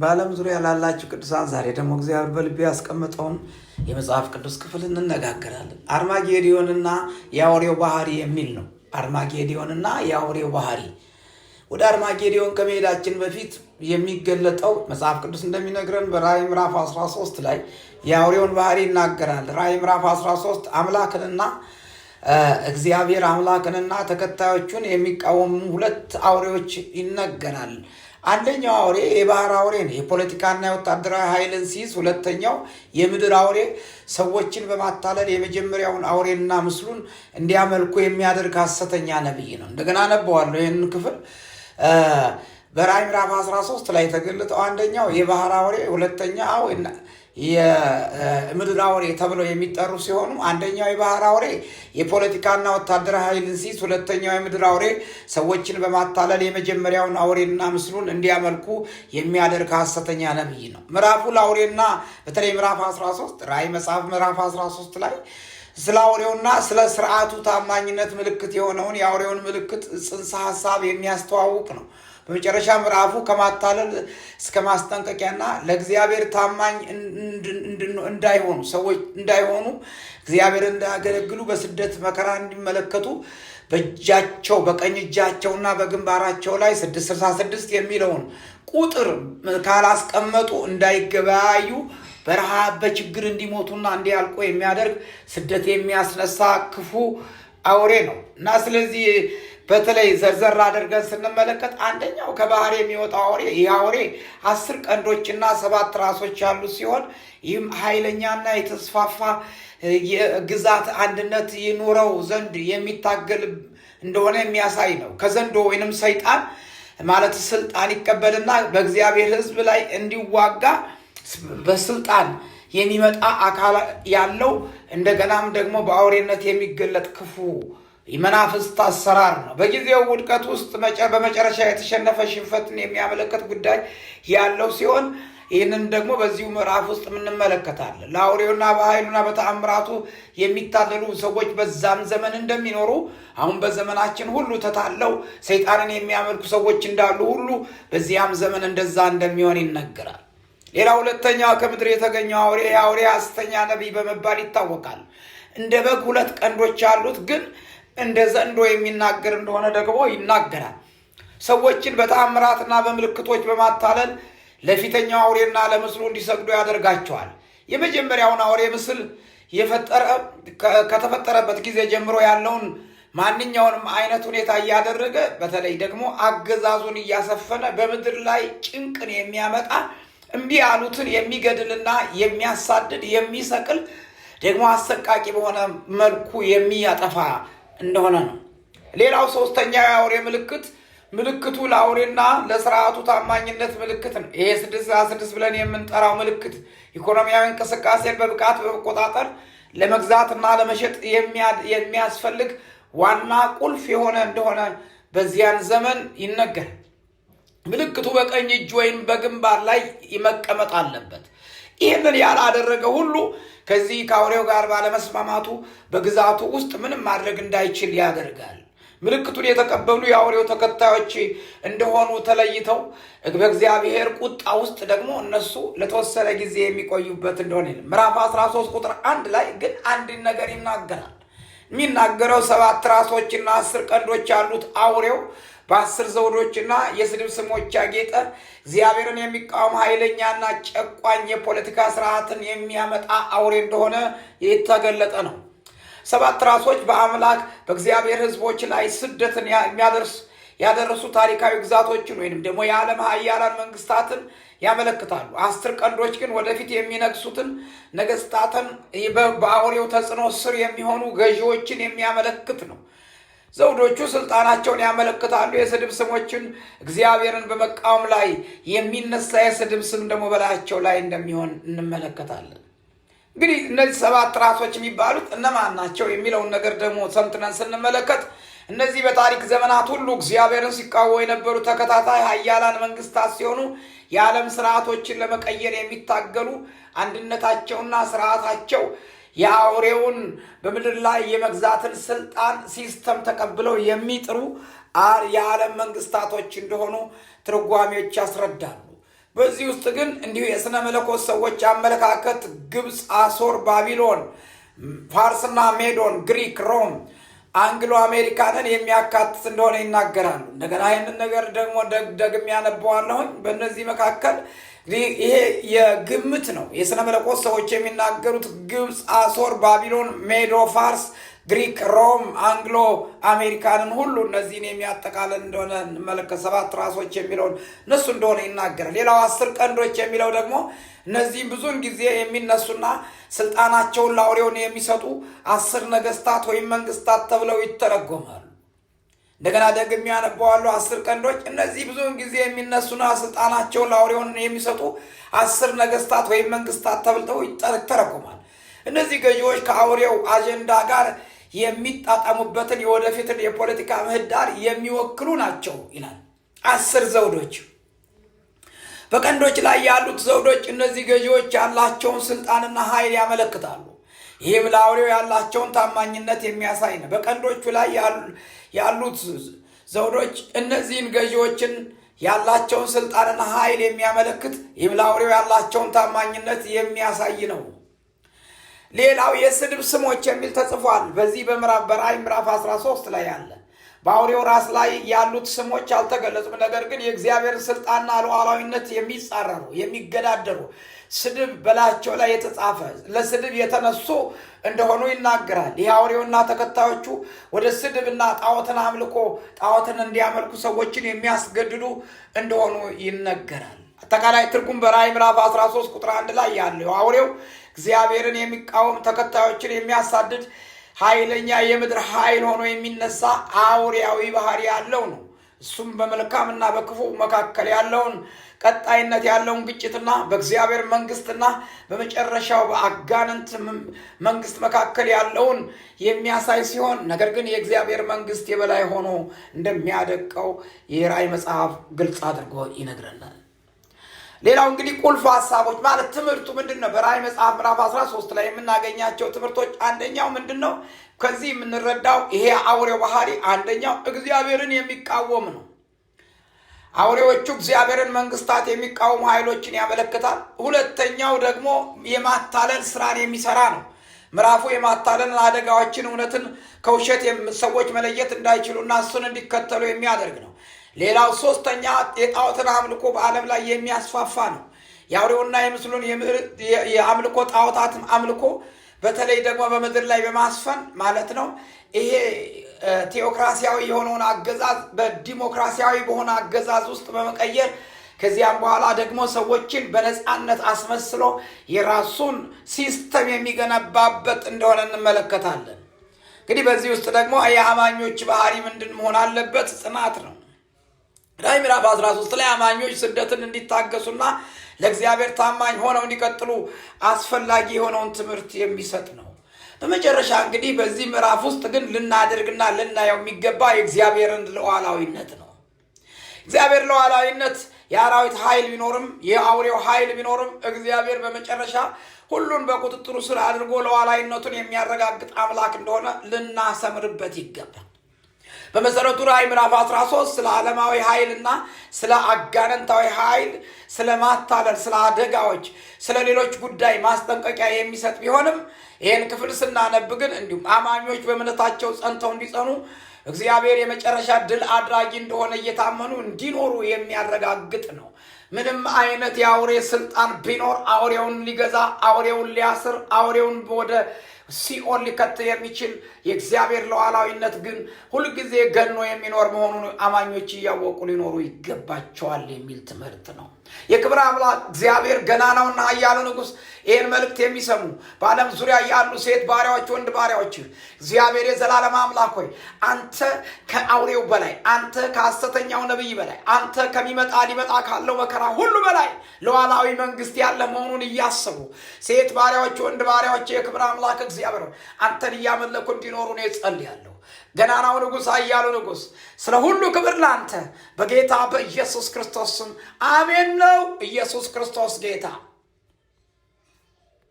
በዓለም ዙሪያ ላላችሁ ቅዱሳን ዛሬ ደግሞ እግዚአብሔር በልቤ ያስቀመጠውን የመጽሐፍ ቅዱስ ክፍል እንነጋገራለን። አርማጌዲዮንና የአውሬው ባህሪ የሚል ነው። አርማጌዲዮንና የአውሬው ባህሪ። ወደ አርማጌዲዮን ከመሄዳችን በፊት የሚገለጠው መጽሐፍ ቅዱስ እንደሚነግረን በራእይ ምዕራፍ 13 ላይ የአውሬውን ባህሪ ይናገራል። ራእይ ምዕራፍ 13 አምላክንና እግዚአብሔር አምላክንና ተከታዮቹን የሚቃወሙ ሁለት አውሬዎች ይነገራል። አንደኛው አውሬ የባህር አውሬ ነው፣ የፖለቲካና የወታደራዊ ኃይልን ሲይዝ። ሁለተኛው የምድር አውሬ ሰዎችን በማታለል የመጀመሪያውን አውሬና ምስሉን እንዲያመልኩ የሚያደርግ ሐሰተኛ ነቢይ ነው። እንደገና አነበዋለሁ ይህንን ክፍል በራዕይ ምዕራፍ 13 ላይ ተገልጠው አንደኛው የባህር አውሬ አው የምድር አውሬ ተብለው የሚጠሩ ሲሆኑ አንደኛው የባህር አውሬ የፖለቲካና ወታደራዊ ኃይልን ሲይዝ፣ ሁለተኛው የምድር አውሬ ሰዎችን በማታለል የመጀመሪያውን አውሬና ምስሉን እንዲያመልኩ የሚያደርግ ሐሰተኛ ነቢይ ነው። ምዕራፉ ለአውሬና በተለይ ምዕራፍ 13 ራእይ መጽሐፍ ምዕራፍ 13 ላይ ስለ አውሬውና ስለ ስርዓቱ ታማኝነት ምልክት የሆነውን የአውሬውን ምልክት ጽንሰ ሀሳብ የሚያስተዋውቅ ነው። በመጨረሻ ምዕራፉ ከማታለል እስከ ማስጠንቀቂያና ለእግዚአብሔር ታማኝ እንዳይሆኑ ሰዎች እንዳይሆኑ እግዚአብሔር እንዳያገለግሉ በስደት መከራ እንዲመለከቱ በእጃቸው በቀኝ እጃቸውና በግንባራቸው ላይ ስድስት የሚለውን ቁጥር ካላስቀመጡ እንዳይገበያዩ በረሃብ በችግር እንዲሞቱና እንዲያልቁ የሚያደርግ ስደት የሚያስነሳ ክፉ አውሬ ነው እና ስለዚህ በተለይ ዘርዘር አድርገን ስንመለከት አንደኛው ከባህር የሚወጣ አውሬ ይህ አውሬ አስር ቀንዶችና ሰባት ራሶች ያሉት ሲሆን ይህም ኃይለኛና የተስፋፋ የግዛት አንድነት ይኑረው ዘንድ የሚታገል እንደሆነ የሚያሳይ ነው። ከዘንዶ ወይንም ሰይጣን ማለት ስልጣን ይቀበልና በእግዚአብሔር ሕዝብ ላይ እንዲዋጋ በስልጣን የሚመጣ አካል ያለው እንደገናም ደግሞ በአውሬነት የሚገለጥ ክፉ የመናፍስት አሰራር ነው። በጊዜው ውድቀት ውስጥ በመጨረሻ የተሸነፈ ሽንፈትን የሚያመለክት ጉዳይ ያለው ሲሆን ይህንን ደግሞ በዚሁ ምዕራፍ ውስጥ የምንመለከታለን። ለአውሬውና በኃይሉና በተአምራቱ የሚታለሉ ሰዎች በዛም ዘመን እንደሚኖሩ አሁን በዘመናችን ሁሉ ተታለው ሰይጣንን የሚያመልኩ ሰዎች እንዳሉ ሁሉ በዚያም ዘመን እንደዛ እንደሚሆን ይነገራል። ሌላ ሁለተኛ ከምድር የተገኘው አውሬ የአውሬ አስተኛ ነቢይ በመባል ይታወቃል። እንደ በግ ሁለት ቀንዶች አሉት ግን እንደ ዘንዶ የሚናገር እንደሆነ ደግሞ ይናገራል። ሰዎችን በተአምራትና በምልክቶች በማታለል ለፊተኛው አውሬና ለምስሉ እንዲሰግዱ ያደርጋቸዋል። የመጀመሪያውን አውሬ ምስል ከተፈጠረበት ጊዜ ጀምሮ ያለውን ማንኛውንም አይነት ሁኔታ እያደረገ በተለይ ደግሞ አገዛዙን እያሰፈነ በምድር ላይ ጭንቅን የሚያመጣ እምቢ ያሉትን የሚገድልና የሚያሳድድ የሚሰቅል ደግሞ አሰቃቂ በሆነ መልኩ የሚያጠፋ እንደሆነ ነው። ሌላው ሶስተኛ የአውሬ ምልክት ምልክቱ ለአውሬና ለስርዓቱ ታማኝነት ምልክት ነው። ይሄ ስድስት ስድስት ብለን የምንጠራው ምልክት ኢኮኖሚያዊ እንቅስቃሴን በብቃት በመቆጣጠር ለመግዛትና ለመሸጥ የሚያስፈልግ ዋና ቁልፍ የሆነ እንደሆነ በዚያን ዘመን ይነገር። ምልክቱ በቀኝ እጅ ወይም በግንባር ላይ መቀመጥ አለበት። ይህንን ያላደረገ ሁሉ ከዚህ ከአውሬው ጋር ባለመስማማቱ በግዛቱ ውስጥ ምንም ማድረግ እንዳይችል ያደርጋል። ምልክቱን የተቀበሉ የአውሬው ተከታዮች እንደሆኑ ተለይተው በእግዚአብሔር ቁጣ ውስጥ ደግሞ እነሱ ለተወሰነ ጊዜ የሚቆዩበት እንደሆነ ምዕራፍ 13 ቁጥር አንድ ላይ ግን አንድን ነገር ይናገራል። የሚናገረው ሰባት ራሶችና አስር ቀንዶች ያሉት አውሬው በአስር ዘውዶችና የስድብ ስሞች ያጌጠ እግዚአብሔርን የሚቃወም ኃይለኛና ጨቋኝ የፖለቲካ ስርዓትን የሚያመጣ አውሬ እንደሆነ የተገለጠ ነው። ሰባት ራሶች በአምላክ በእግዚአብሔር ሕዝቦች ላይ ስደትን የሚያደርስ ያደረሱ ታሪካዊ ግዛቶችን ወይንም ደግሞ የዓለም ሀያላን መንግስታትን ያመለክታሉ። አስር ቀንዶች ግን ወደፊት የሚነግሱትን ነገስታትን በአውሬው ተጽዕኖ ስር የሚሆኑ ገዢዎችን የሚያመለክት ነው። ዘውዶቹ ስልጣናቸውን ያመለክታሉ። የስድብ ስሞችን እግዚአብሔርን በመቃወም ላይ የሚነሳ የስድብ ስም ደግሞ በላያቸው ላይ እንደሚሆን እንመለከታለን። እንግዲህ እነዚህ ሰባት ጥራቶች የሚባሉት እነማን ናቸው የሚለውን ነገር ደግሞ ሰምትነን ስንመለከት እነዚህ በታሪክ ዘመናት ሁሉ እግዚአብሔርን ሲቃወሙ የነበሩ ተከታታይ ኃያላን መንግስታት ሲሆኑ የዓለም ስርዓቶችን ለመቀየር የሚታገሉ አንድነታቸውና ስርዓታቸው የአውሬውን በምድር ላይ የመግዛትን ስልጣን ሲስተም ተቀብለው የሚጥሩ የዓለም መንግስታቶች እንደሆኑ ትርጓሜዎች ያስረዳሉ። በዚህ ውስጥ ግን እንዲሁ የሥነ መለኮት ሰዎች አመለካከት ግብፅ፣ አሶር፣ ባቢሎን፣ ፋርስና ሜዶን፣ ግሪክ፣ ሮም አንግሎ አሜሪካንን የሚያካትት እንደሆነ ይናገራሉ። እንደገና ይህንን ነገር ደግሞ ደግም ያነበዋለሁኝ። በእነዚህ መካከል ይሄ የግምት ነው። የሥነ መለኮት ሰዎች የሚናገሩት ግብፅ፣ አሶር፣ ባቢሎን፣ ሜዶ፣ ፋርስ ግሪክ፣ ሮም፣ አንግሎ አሜሪካንን ሁሉ እነዚህን የሚያጠቃልል እንደሆነ እንመለከት። ሰባት ራሶች የሚለውን እነሱ እንደሆነ ይናገራል። ሌላው አስር ቀንዶች የሚለው ደግሞ እነዚህም ብዙውን ጊዜ የሚነሱና ስልጣናቸውን ለአውሬውን የሚሰጡ አስር ነገስታት ወይም መንግስታት ተብለው ይተረጎማሉ። እንደገና ደግሜ ያነባዋለሁ። አስር ቀንዶች እነዚህ ብዙውን ጊዜ የሚነሱና ስልጣናቸውን ለአውሬውን የሚሰጡ አስር ነገስታት ወይም መንግስታት ተብልተው ይተረጎማል። እነዚህ ገዢዎች ከአውሬው አጀንዳ ጋር የሚጣጣሙበትን የወደፊትን የፖለቲካ ምህዳር የሚወክሉ ናቸው ይላል። አስር ዘውዶች በቀንዶች ላይ ያሉት ዘውዶች እነዚህ ገዢዎች ያላቸውን ስልጣንና ኃይል ያመለክታሉ። ይህም ለአውሬው ያላቸውን ታማኝነት የሚያሳይ ነው። በቀንዶቹ ላይ ያሉት ዘውዶች እነዚህን ገዢዎችን ያላቸውን ስልጣንና ኃይል የሚያመለክት ይህም ለአውሬው ያላቸውን ታማኝነት የሚያሳይ ነው። ሌላው የስድብ ስሞች የሚል ተጽፏል። በዚህ በምዕራፍ በራእይ ምዕራፍ 13 ላይ ያለ በአውሬው ራስ ላይ ያሉት ስሞች አልተገለጹም። ነገር ግን የእግዚአብሔር ስልጣንና ሉዓላዊነት የሚጻረሩ የሚገዳደሩ ስድብ በላቸው ላይ የተጻፈ ለስድብ የተነሱ እንደሆኑ ይናገራል። ይህ አውሬውና ተከታዮቹ ወደ ስድብና ጣዖትን አምልኮ ጣዖትን እንዲያመልኩ ሰዎችን የሚያስገድዱ እንደሆኑ ይነገራል። አጠቃላይ ትርጉም በራእይ ምዕራፍ 13 ቁጥር 1 ላይ ያለው አውሬው እግዚአብሔርን የሚቃወም ተከታዮችን የሚያሳድድ ኃይለኛ የምድር ኃይል ሆኖ የሚነሳ አውሪያዊ ባህሪ ያለው ነው። እሱም በመልካምና በክፉ መካከል ያለውን ቀጣይነት ያለውን ግጭትና በእግዚአብሔር መንግስትና በመጨረሻው በአጋንንት መንግስት መካከል ያለውን የሚያሳይ ሲሆን ነገር ግን የእግዚአብሔር መንግስት የበላይ ሆኖ እንደሚያደቀው የራእይ መጽሐፍ ግልጽ አድርጎ ይነግረናል። ሌላው እንግዲህ ቁልፍ ሀሳቦች ማለት ትምህርቱ ምንድን ነው? በራእይ መጽሐፍ ምዕራፍ 13 ላይ የምናገኛቸው ትምህርቶች አንደኛው ምንድን ነው? ከዚህ የምንረዳው ይሄ አውሬው ባህሪ አንደኛው እግዚአብሔርን የሚቃወም ነው። አውሬዎቹ እግዚአብሔርን መንግስታት የሚቃወሙ ኃይሎችን ያመለክታል። ሁለተኛው ደግሞ የማታለል ስራን የሚሰራ ነው። ምዕራፉ የማታለል አደጋዎችን፣ እውነትን ከውሸት ሰዎች መለየት እንዳይችሉና እሱን እንዲከተሉ የሚያደርግ ነው። ሌላው ሶስተኛ የጣዖትን አምልኮ በዓለም ላይ የሚያስፋፋ ነው። የአውሬውና የምስሉን የአምልኮ ጣዖታትን አምልኮ በተለይ ደግሞ በምድር ላይ በማስፈን ማለት ነው። ይሄ ቴዎክራሲያዊ የሆነውን አገዛዝ በዲሞክራሲያዊ በሆነ አገዛዝ ውስጥ በመቀየር ከዚያም በኋላ ደግሞ ሰዎችን በነፃነት አስመስሎ የራሱን ሲስተም የሚገነባበት እንደሆነ እንመለከታለን። እንግዲህ በዚህ ውስጥ ደግሞ የአማኞች ባህሪ ምንድን መሆን አለበት? ጽናት ነው። ራዕይ ምዕራፍ 13 ላይ አማኞች ስደትን እንዲታገሱና ለእግዚአብሔር ታማኝ ሆነው እንዲቀጥሉ አስፈላጊ የሆነውን ትምህርት የሚሰጥ ነው። በመጨረሻ እንግዲህ በዚህ ምዕራፍ ውስጥ ግን ልናደርግና ልናየው የሚገባ የእግዚአብሔርን ሉዓላዊነት ነው። እግዚአብሔር ሉዓላዊነት የአራዊት ኃይል ቢኖርም የአውሬው ኃይል ቢኖርም እግዚአብሔር በመጨረሻ ሁሉን በቁጥጥሩ ስር አድርጎ ሉዓላዊነቱን የሚያረጋግጥ አምላክ እንደሆነ ልናሰምርበት ይገባል። በመሰረቱ ራዕይ ምዕራፍ 13 ስለ ዓለማዊ ኃይልና ስለ አጋንንታዊ ኃይል፣ ስለ ማታለል፣ ስለ አደጋዎች፣ ስለ ሌሎች ጉዳይ ማስጠንቀቂያ የሚሰጥ ቢሆንም ይህን ክፍል ስናነብ ግን እንዲሁም አማኞች በእምነታቸው ጸንተው እንዲጸኑ እግዚአብሔር የመጨረሻ ድል አድራጊ እንደሆነ እየታመኑ እንዲኖሩ የሚያረጋግጥ ነው። ምንም አይነት የአውሬ ስልጣን ቢኖር አውሬውን ሊገዛ፣ አውሬውን ሊያስር፣ አውሬውን ወደ ሲኦል ሊከት የሚችል የእግዚአብሔር ለዋላዊነት ግን ሁልጊዜ ገኖ የሚኖር መሆኑን አማኞች እያወቁ ሊኖሩ ይገባቸዋል የሚል ትምህርት ነው። የክብር አምላክ እግዚአብሔር ገናናውና ኃያሉ ንጉሥ ይህን መልእክት የሚሰሙ በዓለም ዙሪያ ያሉ ሴት ባሪያዎች፣ ወንድ ባሪያዎች እግዚአብሔር የዘላለም አምላክ ሆይ አንተ ከአውሬው በላይ አንተ ከሐሰተኛው ነቢይ በላይ አንተ ከሚመጣ ሊመጣ ካለው መከራ ሁሉ በላይ ለዋላዊ መንግስት ያለ መሆኑን እያሰቡ ሴት ባሪያዎች፣ ወንድ ባሪያዎች የክብር አምላክ እግዚአብሔር አንተን እያመለኩ እንዲኖሩ ነው ጸልያለሁ። ገናናው ንጉሥ፣ አያሉ ንጉሥ፣ ስለ ሁሉ ክብር ላንተ በጌታ በኢየሱስ ክርስቶስ ስም አሜን። ነው ኢየሱስ ክርስቶስ ጌታ